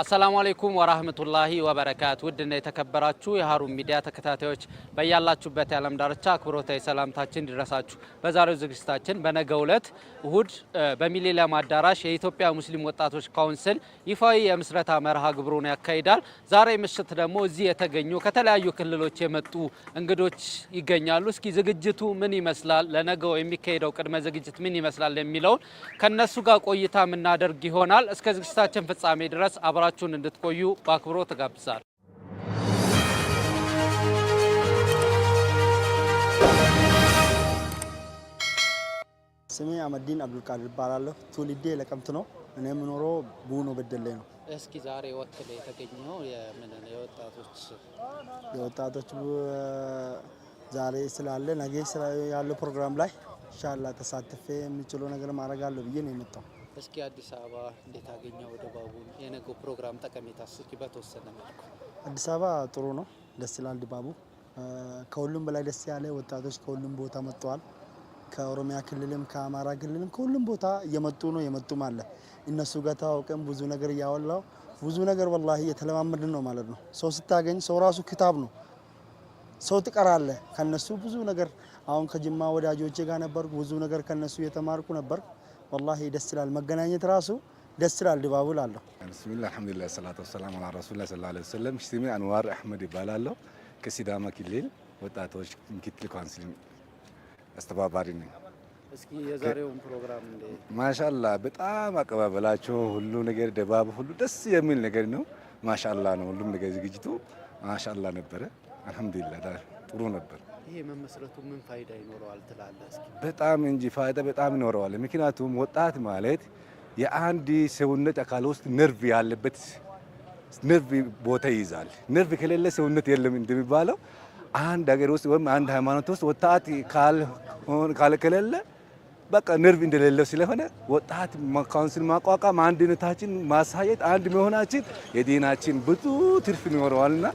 አሰላሙ አሌይኩም ወራህመቱላሂ ወበረካቱ። ውድና የተከበራችሁ የሀሩን ሚዲያ ተከታታዮች በያላችሁበት የዓለም ዳርቻ አክብሮታዊ ሰላምታችን ይድረሳችሁ። በዛሬው ዝግጅታችን በነገ ዕለት እሁድ በሚሊኒየም አዳራሽ የኢትዮጵያ ሙስሊም ወጣቶች ካውንስል ይፋዊ የምስረታ መርሃ ግብሩን ያካሂዳል። ዛሬ ምሽት ደግሞ እዚህ የተገኙ ከተለያዩ ክልሎች የመጡ እንግዶች ይገኛሉ። እስኪ ዝግጅቱ ምን ይመስላል፣ ለነገው የሚካሄደው ቅድመ ዝግጅት ምን ይመስላል የሚለውን ከነሱ ጋር ቆይታ የምናደርግ ይሆናል። እስከ ዝግጅታችን ፍጻሜ ድረስ አብ አብራችሁን እንድትቆዩ በአክብሮ ተጋብዛል። ስሜ አመዲን አብዱልቃድር ይባላለሁ። ትውልዴ ለቀምት ነው። እኔ የምኖረው ቡኖ በደሌ ነው። እስኪ ዛሬ ላይ የተገኘው የወጣቶች የወጣቶች ዛሬ ስላለ ነገ ያለው ፕሮግራም ላይ ኢንሻላህ ተሳትፌ የምችለው ነገር ማድረግ አለሁ ብዬ ነው የመጣው። እስኪ አዲስ አበባ እንዴት አገኘው ድባቡን? የነገው ፕሮግራም ጠቀሜታ እስኪ በተወሰነ መልኩ። አዲስ አበባ ጥሩ ነው፣ ደስ ይላል ድባቡ። ከሁሉም በላይ ደስ ያለ ወጣቶች ከሁሉም ቦታ መጥተዋል። ከኦሮሚያ ክልልም ከአማራ ክልልም ከሁሉም ቦታ እየመጡ ነው፣ የመጡም አለ። እነሱ ጋር ተዋውቀን ብዙ ነገር እያወላው ብዙ ነገር ወላሂ እየተለማመድን ነው ማለት ነው። ሰው ስታገኝ ሰው ራሱ ክታብ ነው፣ ሰው ትቀራለህ ከነሱ ብዙ ነገር። አሁን ከጅማ ወዳጆቼ ጋር ነበርኩ፣ ብዙ ነገር ከነሱ እየተማርኩ ነበር። ወላሂ ደስ ይላል። መገናኘት ራሱ ደስ ይላል ድባቡ እላለሁ። ብስሚላህ አልሐምዱሊላህ ሰላቱ ወሰላም አላ ረሱሊላህ ሰለላሁ ዐለይሂ ወሰለም። ስሜ አንዋር አህመድ ይባላለሁ። ከሲዳማ ክልል ወጣቶች ምክትል ካውንስል አስተባባሪ ነኝ። እስኪ የዛሬውን ፕሮግራም ማሻላ በጣም አቀባበላቸው ሁሉ ነገር ድባቡ ሁሉ ደስ የሚል ነገር ነው። ማሻላ ነው ሁሉም ነገር ዝግጅቱ ማሻላ ነበረ። አልሐምዱሊላህ ጥሩ ነበር። ይሄ መመስረቱ ምን ፋይዳ ይኖረዋል ትላለህ? እስኪ በጣም እንጂ ፋይዳ በጣም ይኖረዋል። ምክንያቱም ወጣት ማለት የአንድ ሰውነት አካል ውስጥ ነርቭ ያለበት ነርቭ ቦታ ይይዛል። ነርቭ ከሌለ ሰውነት የለም እንደሚባለው አንድ ሀገር ውስጥ ወይም አንድ ሃይማኖት ውስጥ ወጣት ካል ከሌለ በቃ ነርቭ እንደሌለው ስለሆነ ወጣት ካውንስል ማቋቋም አንድነታችን ማሳየት አንድ መሆናችን የዲናችን ብዙ ትርፍ ይኖረዋልና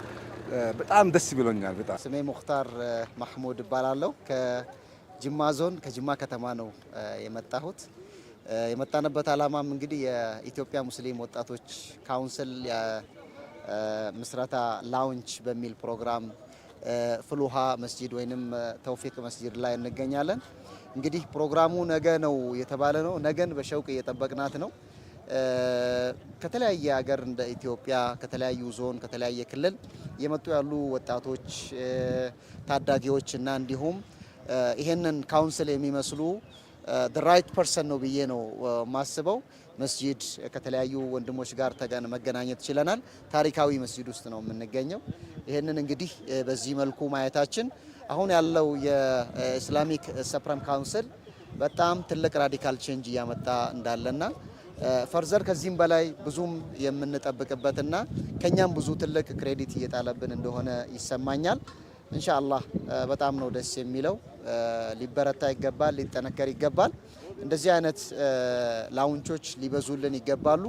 በጣም ደስ ብሎኛል። በጣም ስሜ ሙክታር ማህሙድ እባላለሁ። ከጅማ ዞን ከጅማ ከተማ ነው የመጣሁት። የመጣንበት አላማም እንግዲህ የኢትዮጵያ ሙስሊም ወጣቶች ካውንስል ምስረታ ላውንች በሚል ፕሮግራም ፍሉሃ መስጂድ ወይንም ተውፊቅ መስጂድ ላይ እንገኛለን። እንግዲህ ፕሮግራሙ ነገ ነው የተባለ ነው። ነገን በሸውቅ እየጠበቅናት ነው። ከተለያየ ሀገር እንደ ኢትዮጵያ ከተለያዩ ዞን ከተለያየ ክልል የመጡ ያሉ ወጣቶች ታዳጊዎች እና እንዲሁም ይሄንን ካውንስል የሚመስሉ ራይት ፐርሰን ነው ብዬ ነው ማስበው። መስጂድ ከተለያዩ ወንድሞች ጋር መገናኘት ችለናል። ታሪካዊ መስጂድ ውስጥ ነው የምንገኘው። ይህንን እንግዲህ በዚህ መልኩ ማየታችን አሁን ያለው የኢስላሚክ ሰፕረም ካውንስል በጣም ትልቅ ራዲካል ቼንጅ እያመጣ እንዳለና ፈርዘር ከዚህም በላይ ብዙም የምንጠብቅበትና ከኛም ብዙ ትልቅ ክሬዲት እየጣለብን እንደሆነ ይሰማኛል። እንሻአላህ በጣም ነው ደስ የሚለው። ሊበረታ ይገባል፣ ሊጠነከር ይገባል። እንደዚህ አይነት ላውንቾች ሊበዙልን ይገባሉ።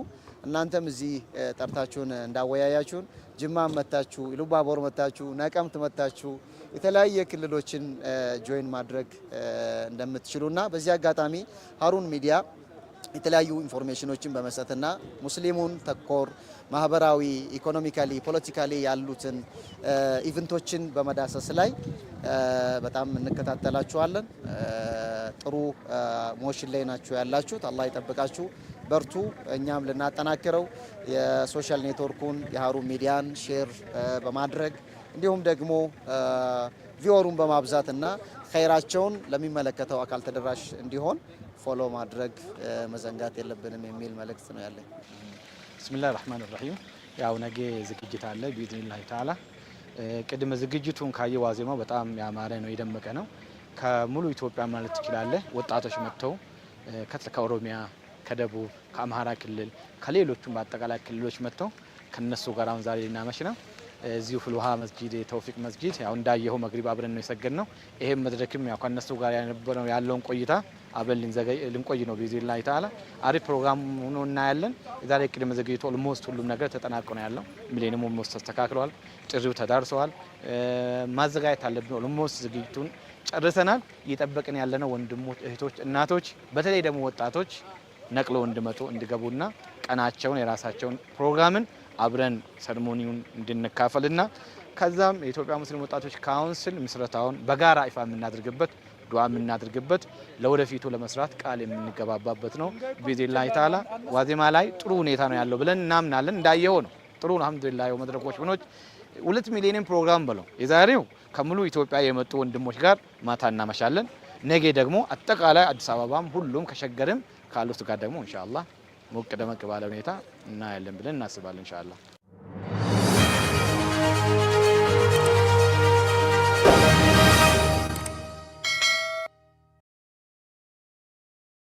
እናንተም እዚህ ጠርታችሁን እንዳወያያችሁን ጅማ መታችሁ፣ ኢሉባቦር መታችሁ፣ ነቀምት መታችሁ የተለያየ ክልሎችን ጆይን ማድረግ እንደምትችሉና በዚህ አጋጣሚ ሀሩን ሚዲያ የተለያዩ ኢንፎርሜሽኖችን በመስጠትና ሙስሊሙን ተኮር ማህበራዊ፣ ኢኮኖሚካሊ፣ ፖለቲካሊ ያሉትን ኢቨንቶችን በመዳሰስ ላይ በጣም እንከታተላችኋለን። ጥሩ ሞሽን ላይ ናችሁ ያላችሁት። አላህ ይጠብቃችሁ፣ በርቱ። እኛም ልናጠናክረው የሶሻል ኔትወርኩን የሀሩን ሚዲያን ሼር በማድረግ እንዲሁም ደግሞ ቪወሩን በማብዛትና ኸይራቸውን ለሚመለከተው አካል ተደራሽ እንዲሆን ፎሎ ማድረግ መዘንጋት የለብንም የሚል መልእክት ነው ያለኝ። ብስሚላህ ራህማን ራሂም። ያው ነገ ዝግጅት አለ ቢዝኒላ ተዓላ። ቅድመ ዝግጅቱን ካየ ዋዜማው በጣም ያማረ ነው፣ የደመቀ ነው። ከሙሉ ኢትዮጵያ ማለት ትችላለህ ወጣቶች መጥተው ከኦሮሚያ፣ ከደቡብ፣ ከአማራ ክልል ከሌሎቹም በአጠቃላይ ክልሎች መጥተው ከነሱ ጋር አሁን ዛሬ ልናመሽ ነው እዚሁ ፍልውሃ መስጂድ የተውፊቅ መስጂድ ያው እንዳየኸው መግሪብ አብረን ነው የሰገድ ነው። ይሄም መድረክም ያው ከነሱ ጋር የነበረው ያለውን ቆይታ አብረን ልንቆይ ነው። ቢዝኒላህ ተዓላ አሪፍ ፕሮግራም ሆኖ እናያለን። የዛሬ ቅድመ ዝግጅቱ ኦልሞስት ሁሉም ነገር ተጠናቆ ነው ያለው። ሚሊኒየም ኦልሞስት ተስተካክለዋል። ጥሪው ተዳርሰዋል። ማዘጋጀት አለብን። ኦልሞስት ዝግጅቱን ጨርሰናል። እየጠበቅን ያለነው ወንድሞች፣ እህቶች፣ እናቶች በተለይ ደግሞ ወጣቶች ነቅለው እንዲመጡ እንዲገቡና ቀናቸውን የራሳቸውን ፕሮግራምን አብረን ሰርሞኒውን ና ከዛም የኢትዮጵያ ሙስሊም ወጣቶች ካውንስል ምስረታውን በጋራ ይፋ የምናደርግበት ዱዓ የምናደርግበት ለወደፊቱ ለመስራት ቃል የምንገባባበት ነው። ቢኢዝኒላሂ ተዓላ ዋዜማ ላይ ጥሩ ሁኔታ ነው ያለው ብለን እናምናለን። እንዳየው ነው ጥሩ ነው። አልሐምዱሊላህ መድረኮች ብኖች ሁለት ሚሊዮንም ፕሮግራም ብለው የዛሬው ከሙሉ ኢትዮጵያ የመጡ ወንድሞች ጋር ማታ እናመሻለን። ነገ ደግሞ አጠቃላይ አዲስ አበባም ሁሉም ከሸገርም ካሉት ጋር ደግሞ እንሻላ። ሞቅ ደመቅ ባለ ሁኔታ እናያለን ብለን እናስባለን። እንሻላ